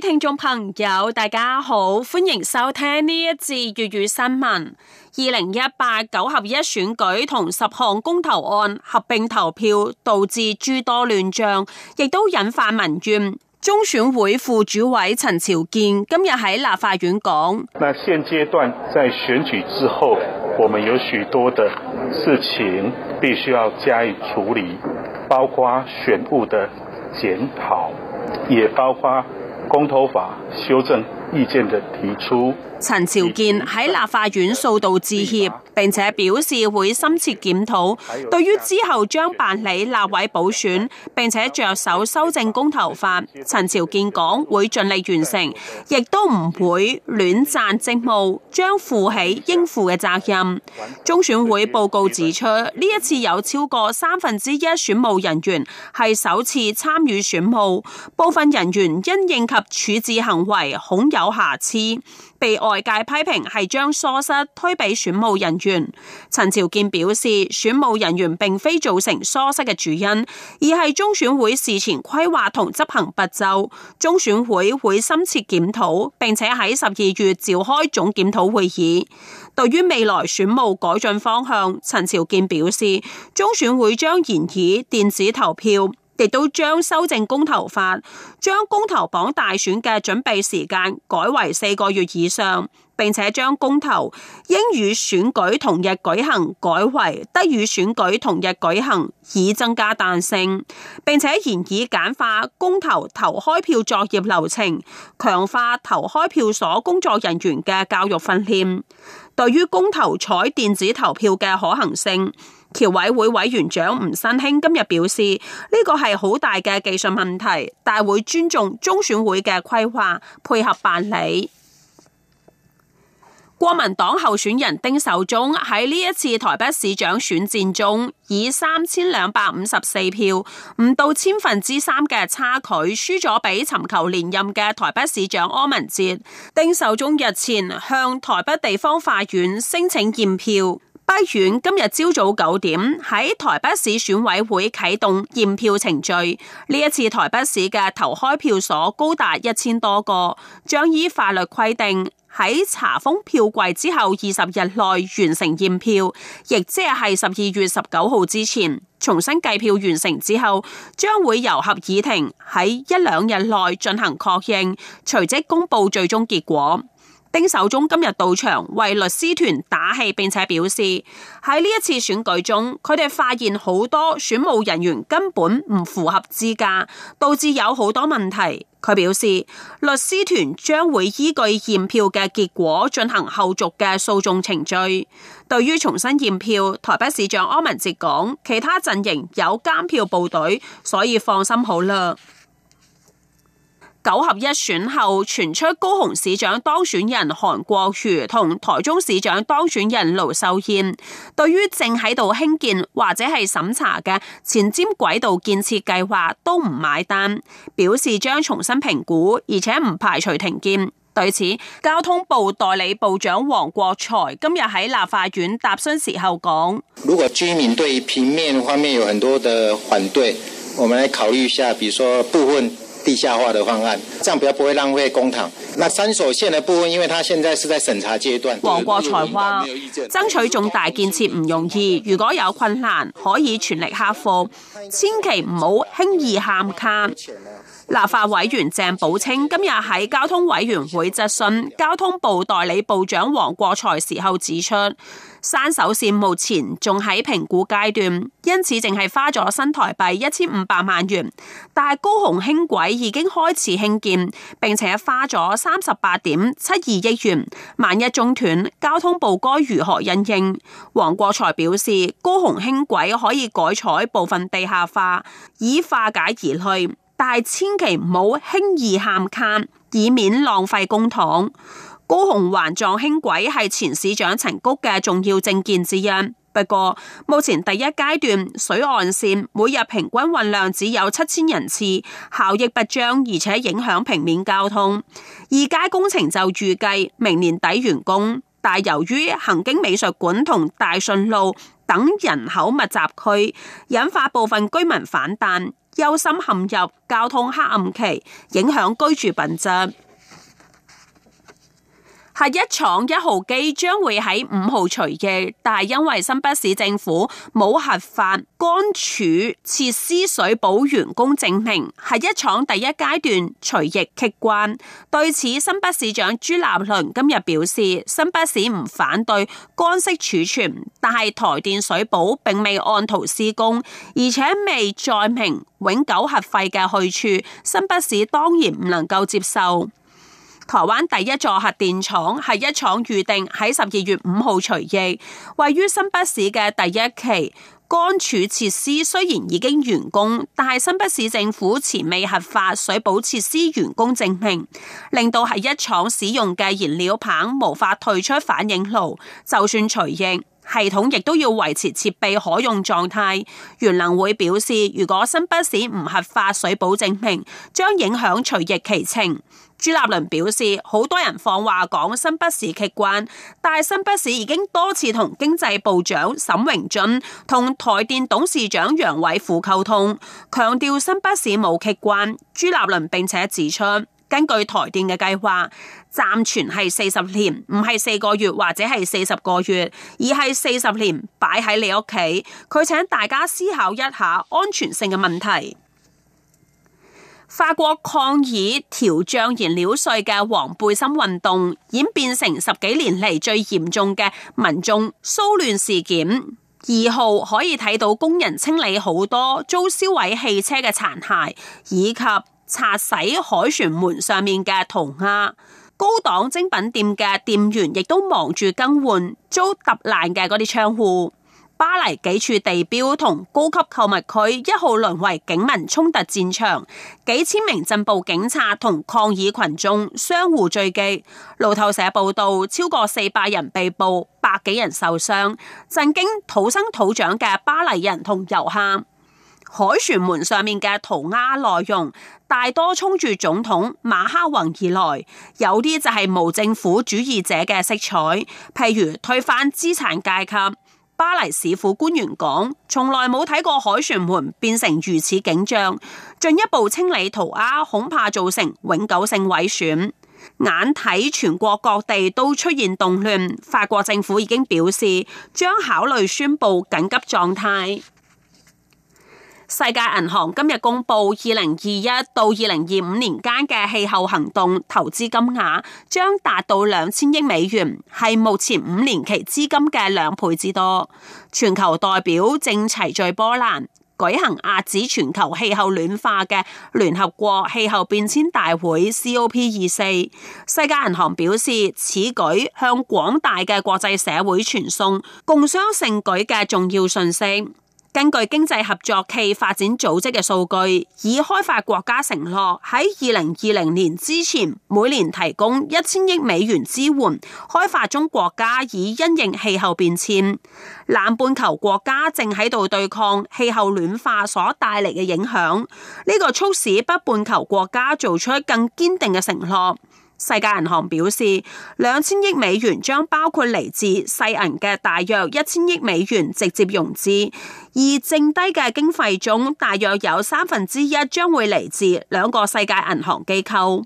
聽眾朋友，大家好，歡迎收聽呢一節粵語新聞。二零一八九合一選舉同十項公投案合併投票，導致諸多亂象，亦都引發民怨。中選會副主委陳朝建今日喺立法院講：那現階段在選舉之後，我們有許多的事情必須要加以處理，包括選務的檢討，也包括。公投法修正。意見的提出，陳朝建喺立法院數度致歉，並且表示會深切檢討，對於之後將辦理立委補選，並且着手修正公投法。陳朝建講會盡力完成，亦都唔會戀棧職務，將負起應負嘅責任。中選會報告指出，呢一次有超過三分之一選務人員係首次參與選務，部分人員因應及處置行為恐有。有瑕疵，被外界批評係將疏失推俾選務人員。陳朝建表示，選務人員並非造成疏失嘅主因，而係中選會事前規劃同執行不周。中選會會深切檢討，並且喺十二月召開總檢討會議。對於未來選務改進方向，陳朝建表示，中選會將研議電子投票。亦都將修正公投法，將公投綁大選嘅準備時間改為四個月以上，並且將公投應與選舉同日舉行改為得與選舉同日舉行，以增加彈性，並且現已簡化公投投開票作業流程，強化投開票所工作人員嘅教育訓練。對於公投採電子投票嘅可行性，僑委會委員長吳新興今日表示，呢個係好大嘅技術問題，但係會尊重中選會嘅規劃，配合辦理。國民黨候選人丁守中喺呢一次台北市長選戰中，以三千兩百五十四票，唔到千分之三嘅差距，輸咗俾尋求連任嘅台北市長柯文哲。丁守中日前向台北地方法院申請驗票。北院今日朝早九點喺台北市選委會啟動驗票程序。呢一次台北市嘅投開票所高達一千多個，將依法律規定喺查封票櫃之後二十日內完成驗票，亦即係十二月十九號之前重新計票完成之後，將會由合議庭喺一兩日內進行確認，隨即公布最終結果。丁守中今日到場為律師團打氣，並且表示喺呢一次選舉中，佢哋發現好多選務人員根本唔符合資格，導致有好多問題。佢表示，律師團將會依據驗票嘅結果進行後續嘅訴訟程序。對於重新驗票，台北市長柯文哲講，其他陣營有監票部隊，所以放心好啦。九合一選後，傳出高雄市長當選人韓國瑜同台中市長當選人盧秀燕，對於正喺度興建或者係審查嘅前瞻軌道建設計劃都唔買單，表示將重新評估，而且唔排除停建。對此，交通部代理部長王國材今日喺立法院答詢時候講：如果居民對平面方面有很多的反對，我們來考慮一下，比如說部分。地下化的方案，這樣比較不會浪費公帑。那三所線的部分，因為他現在是在審查階段。王國才話：爭取重大建設唔容易，如果有困難可以全力克服，千祈唔好輕易喊卡。立法委員鄭寶清今日喺交通委員會質詢交通部代理部長王國才時候指出。山手線目前仲喺評估階段，因此淨係花咗新台幣一千五百萬元。但係高雄輕軌已經開始興建，並且花咗三十八點七二億元。萬一中斷，交通部該如何因應？王國材表示，高雄輕軌可以改採部分地下化，以化解而去，但係千祈唔好輕易喊卡，以免浪費公帑。高雄環狀輕軌係前市長陳菊嘅重要政見之一，不過目前第一階段水岸線每日平均運量只有七千人次，效益不彰，而且影響平面交通。二階工程就預計明年底完工，但由於行經美術館同大順路等人口密集區，引發部分居民反彈，憂心陷入交通黑暗期，影響居住品質。核一廠一號機將會喺五號除役，但係因為新北市政府冇核發乾儲設施水保員工證明，核一廠第一階段除役卡關。對此，新北市長朱立倫今日表示，新北市唔反對乾式儲存，但係台電水保並未按圖施工，而且未載明永久核廢嘅去處，新北市當然唔能夠接受。台灣第一座核電廠核一廠預定喺十二月五號除役，位於新北市嘅第一期乾貯設施雖然已經完工，但係新北市政府前未核發水保設施完工證明，令到核一廠使用嘅燃料棒無法退出反應爐。就算除役系統亦都要維持設備可用狀態。原能會表示，如果新北市唔核發水保證明，將影響除役期程。朱立倫表示，好多人放話講新北市卡關，但新北市已經多次同經濟部長沈榮津、同台電董事長楊偉甫溝通，強調新北市冇卡關。朱立倫並且指出，根據台電嘅計劃，暫存係四十年，唔係四個月或者係四十個月，而係四十年擺喺你屋企。佢請大家思考一下安全性嘅問題。法國抗議調漲燃料稅嘅黃背心運動演變成十幾年嚟最嚴重嘅民眾騷亂事件。二號可以睇到工人清理好多遭燒毀汽車嘅殘骸，以及擦洗凱旋門上面嘅塗鴉。高檔精品店嘅店員亦都忙住更換遭揼爛嘅嗰啲窗戶。巴黎幾處地標同高級購物區一號淪為警民衝突戰場，幾千名鎮暴警察同抗議群眾相互追擊。路透社報道，超過四百人被捕，百幾人受傷，震驚土生土長嘅巴黎人同遊客。凱旋門上面嘅塗鴉內容大多衝住總統馬克宏而來，有啲就係無政府主義者嘅色彩，譬如推翻資產階級。巴黎市府官員講，從來冇睇過凱旋門變成如此景象。進一步清理塗鴉恐怕造成永久性毀損。眼睇全國各地都出現動亂，法國政府已經表示將考慮宣佈緊急狀態。世界銀行今日公布，二零二一到二零二五年間嘅氣候行動投資金額將達到兩千億美元，係目前五年期資金嘅兩倍之多。全球代表正齊聚波蘭舉行遏止全球氣候暖化嘅聯合國氣候變遷大會 （COP 二四）。世界銀行表示，此舉向廣大嘅國際社會傳送共襄盛舉嘅重要訊息。根據經濟合作暨發展組織嘅數據，已開發國家承諾喺二零二零年之前每年提供一千億美元支援開發中國家，以因應氣候變遷。南半球國家正喺度對抗氣候暖化所帶嚟嘅影響，呢、這個促使北半球國家做出更堅定嘅承諾。世界銀行表示，兩千億美元將包括嚟自世銀嘅大約一千億美元直接融資，而剩低嘅經費中，大約有三分之一將會嚟自兩個世界銀行機構。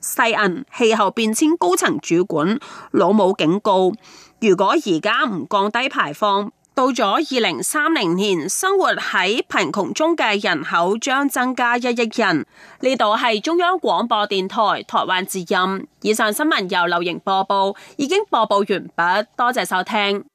世銀氣候變遷高層主管魯姆警告，如果而家唔降低排放，到咗二零三零年，生活喺貧窮中嘅人口將增加一億人。呢度係中央廣播電台台灣之音。以上新聞由劉瑩播報，已經播報完畢。多謝收聽。